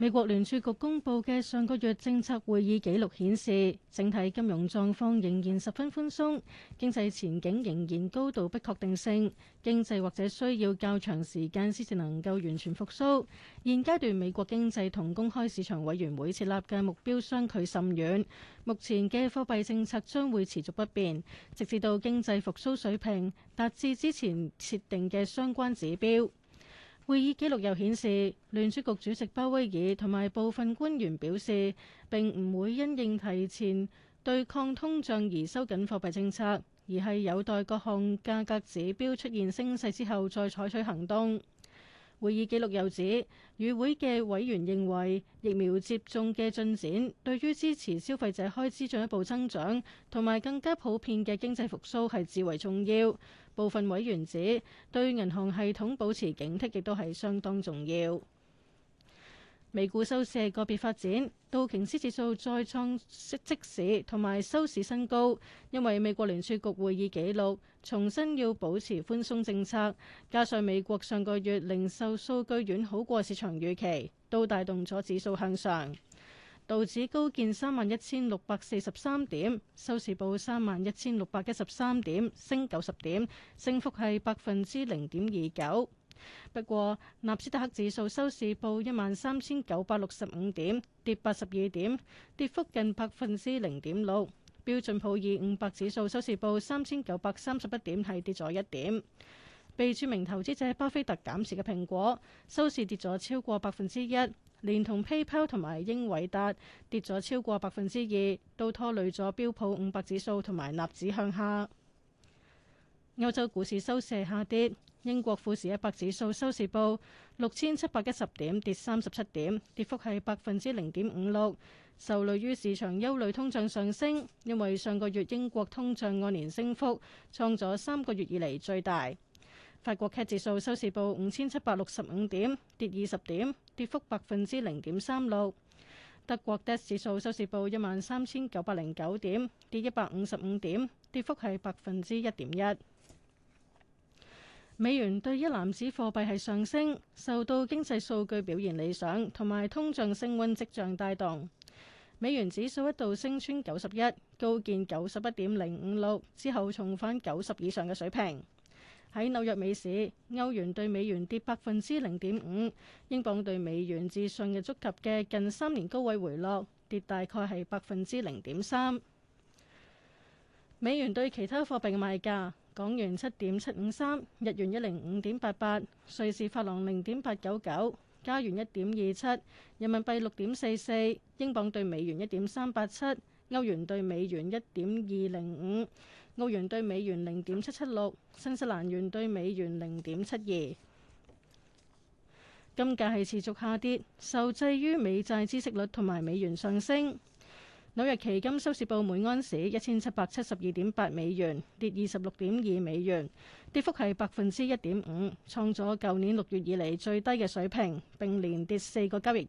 美國聯儲局公布嘅上個月政策會議紀錄顯示，整體金融狀況仍然十分寬鬆，經濟前景仍然高度不確定性，經濟或者需要較長時間先至能夠完全復蘇。現階段美國經濟同公開市場委員會設立嘅目標相距甚遠，目前嘅貨幣政策將會持續不變，直至到經濟復蘇水平達至之前設定嘅相關指標。會議記錄又顯示，聯儲局主席鮑威爾同埋部分官員表示，並唔會因應提前對抗通脹而收緊貨幣政策，而係有待各項價格指標出現升勢之後再採取行動。會議記錄又指，與會嘅委員認為疫苗接種嘅進展對於支持消費者開支進一步增長同埋更加普遍嘅經濟復甦係至為重要。部分委員指，對銀行系統保持警惕亦都係相當重要。美股收市係個別發展，道瓊斯指數再創即市同埋收市新高，因為美國聯儲局會議記錄重申要保持寬鬆政策，加上美國上個月零售數據遠好過市場預期，都帶動咗指數向上。道指高見三萬一千六百四十三點，收市報三萬一千六百一十三點，升九十點，升幅係百分之零點二九。不過，納斯達克指數收市報一萬三千九百六十五點，跌八十二點，跌幅近百分之零點六。標準普爾五百指數收市報三千九百三十一點，係跌咗一點。被著名投資者巴菲特減持嘅蘋果，收市跌咗超過百分之一，連同 PayPal 同埋英偉達跌咗超過百分之二，都拖累咗標普五百指數同埋納指向下。歐洲股市收市下跌。英國富時一百指數收市報六千七百一十點，跌三十七點，跌幅係百分之零點五六。受累於市場憂慮通脹上升，因為上個月英國通脹按年升幅創咗三個月以嚟最大。法國 CAC 指數收市報五千七百六十五點，跌二十點，跌幅百分之零點三六。德國 DAX 指數收市報一萬三千九百零九點，跌一百五十五點，跌幅係百分之一點一。美元對一籃子貨幣係上升，受到經濟數據表現理想同埋通脹升溫跡象帶動。美元指數一度升穿九十一，高見九十一點零五六，之後重返九十以上嘅水平。喺紐約美市，歐元對美元跌百分之零點五，英鎊對美元自上日觸及嘅近三年高位回落，跌大概係百分之零點三。美元對其他貨幣嘅賣價。港元七點七五三，日元一零五點八八，瑞士法郎零點八九九，加元一點二七，人民幣六點四四，英鎊對美元一點三八七，歐元對美元一點二零五，澳元對美元零點七七六，新西蘭元對美元零點七二。金價係持續下跌，受制於美債孳息率同埋美元上升。紐約期金收市報每安士一千七百七十二點八美元，跌二十六點二美元，跌幅係百分之一點五，創咗舊年六月以嚟最低嘅水平，並連跌四個交易日。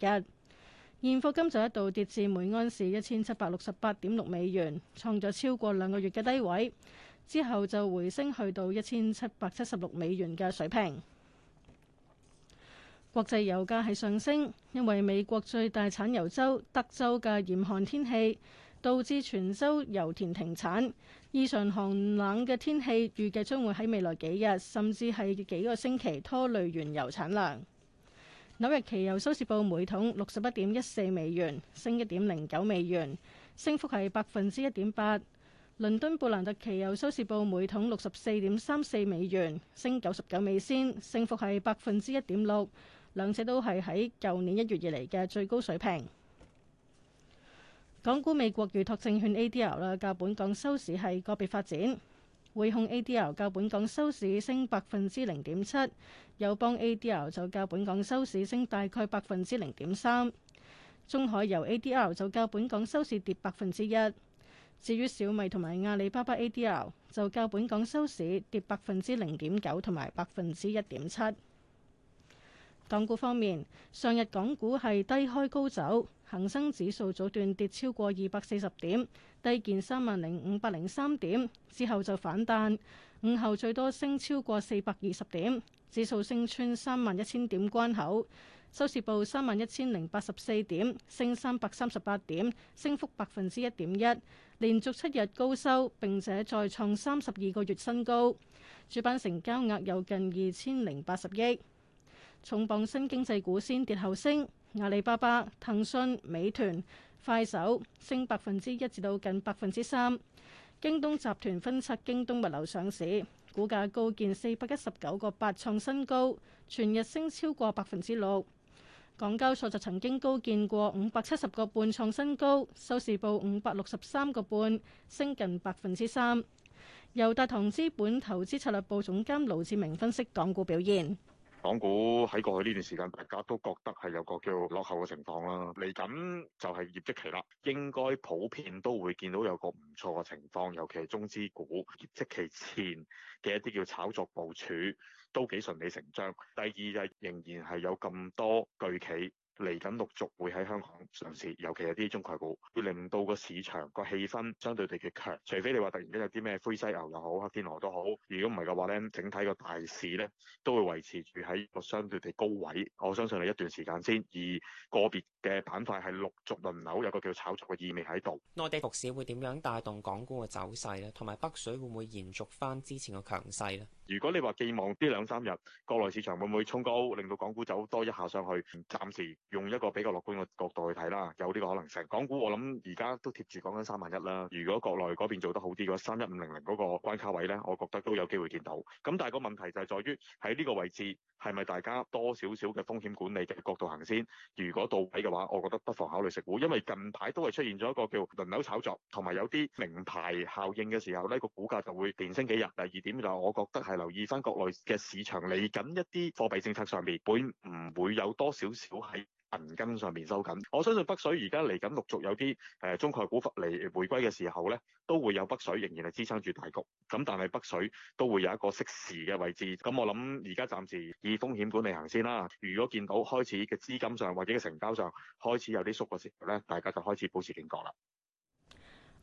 現貨金就一度跌至每安士一千七百六十八點六美元，創咗超過兩個月嘅低位，之後就回升去到一千七百七十六美元嘅水平。國際油價係上升，因為美國最大產油州德州嘅嚴寒天氣導致全州油田停產。異常寒冷嘅天氣預計將會喺未來幾日甚至係幾個星期拖累原油產量。紐約期油收市報每桶六十一點一四美元，升一點零九美元，升幅係百分之一點八。倫敦布蘭特期油收市報每桶六十四點三四美元，升九十九美仙，升幅係百分之一點六。兩者都係喺舊年一月以嚟嘅最高水平。港股美國預託證券 A.D.L. 啦，較本港收市係個別發展。匯控 A.D.L. 較本港收市升百分之零點七，友邦 A.D.L. 就較本港收市升大概百分之零點三。中海油 A.D.L. 就較本港收市跌百分之一。至於小米同埋阿里巴巴 A.D.L. 就較本港收市跌百分之零點九同埋百分之一點七。港股方面，上日港股係低開高走，恒生指數早段跌超過二百四十點，低見三萬零五百零三點，之後就反彈，午後最多升超過四百二十點，指數升穿三萬一千點關口，收市報三萬一千零八十四點，升三百三十八點，升幅百分之一點一，連續七日高收，並且再創三十二個月新高。主板成交額有近二千零八十億。重磅新經濟股先跌後升，阿里巴巴、騰訊、美團、快手升百分之一至到近百分之三。京東集團分拆京東物流上市，股價高見四百一十九個八創新高，全日升超過百分之六。港交所就曾經高見過五百七十個半創新高，收市報五百六十三個半，升近百分之三。由大唐資本投資策略部總監盧志明分析港股表現。港股喺過去呢段時間，大家都覺得係有個叫落後嘅情況啦。嚟緊就係業績期啦，應該普遍都會見到有個唔錯嘅情況，尤其係中資股業績期前嘅一啲叫炒作部署都幾順理成章。第二就係仍然係有咁多巨企。嚟緊陸續會喺香港上市，尤其係啲中概股，會令到個市場個氣氛相對地極強。除非你話突然間有啲咩灰犀牛又好，黑天鵝都好。如果唔係嘅話咧，整體個大市咧都會維持住喺一個相對地高位。我相信你一段時間先。而個別嘅板塊係陸續輪流有個叫炒作嘅意味喺度。內地股市會點樣帶動港股嘅走勢咧？同埋北水會唔會延續翻之前嘅強勢咧？如果你話寄望啲兩三日國內市場會唔會衝高，令到港股走多一下上去，暫時。用一個比較樂觀嘅角度去睇啦，有呢個可能性。港股我諗而家都貼住講緊三萬一啦。如果國內嗰邊做得好啲，嗰三一五零零嗰個關卡位呢，我覺得都有機會見到。咁但係個問題就係在於喺呢個位置係咪大家多少少嘅風險管理嘅角度行先？如果到位嘅話，我覺得不妨考慮食股，因為近排都係出現咗一個叫輪流炒作，同埋有啲名牌效應嘅時候呢，個股價就會連升幾日。第二點就我覺得係留意返國內嘅市場，嚟緊一啲貨幣政策上面本唔會有多少少喺。銀根上面收緊，我相信北水而家嚟緊陸續有啲誒中概股嚟回歸嘅時候咧，都會有北水仍然係支撐住大局。咁但係北水都會有一個適時嘅位置。咁我諗而家暫時以風險管理行先啦。如果見到開始嘅資金上或者嘅成交上開始有啲縮嘅時候咧，大家就開始保持警覺啦。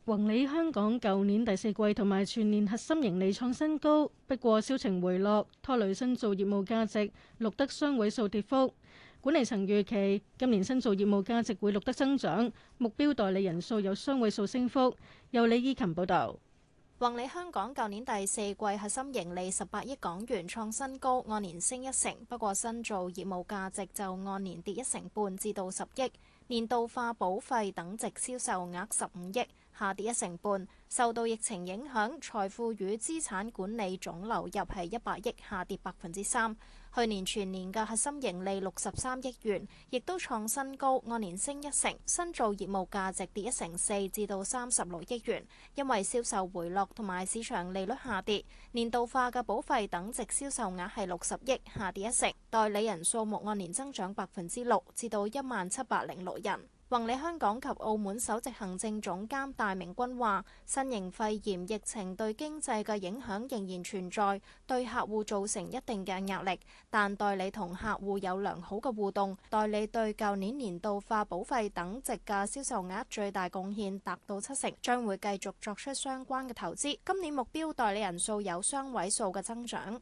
宏利香港舊年第四季同埋全年核心盈利創新高，不過銷情回落，拖累新造業務價值錄得雙位數跌幅。管理層預期今年新造業務價值會錄得增長，目標代理人數有雙位數升幅。由李依琴報道，宏利香港舊年第四季核心盈利十八億港元創新高，按年升一成。不過新造業務價值就按年跌一成半至到十億，年度化保費等值銷售額十五億，下跌一成半，受到疫情影響，財富與資產管理總流入係一百億，下跌百分之三。去年全年嘅核心盈利六十三億元，亦都創新高，按年升一成。新造業務價值跌一成四，至到三十六億元，因為銷售回落同埋市場利率下跌。年度化嘅保費等值銷售額係六十億，下跌一成。代理人數目按年增長百分之六，至到一萬七百零六人。宏利香港及澳門首席行政總監戴明君話：新型肺炎疫情對經濟嘅影響仍然存在，對客戶造成一定嘅壓力。但代理同客戶有良好嘅互動，代理對舊年年度化保費等值嘅銷售額最大貢獻達到七成，將會繼續作出相關嘅投資。今年目標代理人數有雙位數嘅增長。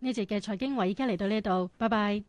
呢集嘅財經華爾街已經嚟到呢度，拜拜。